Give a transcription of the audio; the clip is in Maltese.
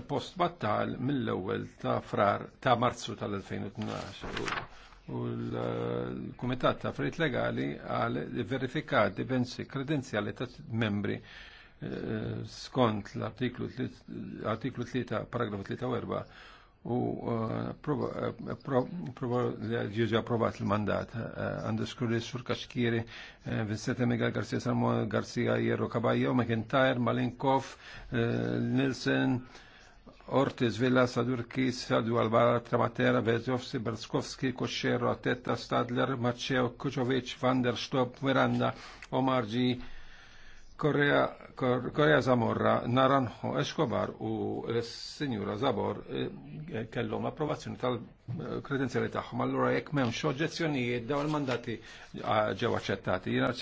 post battal mill-ewwel ta' frar ta' Marzu tal-2012 u l-Kumitat ta' Frit Legali għal verifikat divenzi kredenzjali ta' membri eh, skont l-artiklu 3 paragrafu 3 u eh, eh, prova ġiġi approvat il-mandat għandaskuri sur kaxkiri Vincente Miguel Garcia Salmo Garcia Hierro Caballo McIntyre Malinkov Nilsen Ortiz, Villa, Sadurkis, Sadu, Alvara, Tramatera, Vezovsi, Berskovski, Kosċero, Atetta, Stadler, Maceo, Kučovic, Van der Stop, Miranda, Omarji, Korea, Korea Zamorra, Naranjo, Escobar u eh, Signora Zabor eh, eh, kellhom approvazzjoni tal-kredenzjali tagħhom. Allura jekk m'hemmx oġġezzjonijiet daw il-mandati ġew aċċettati.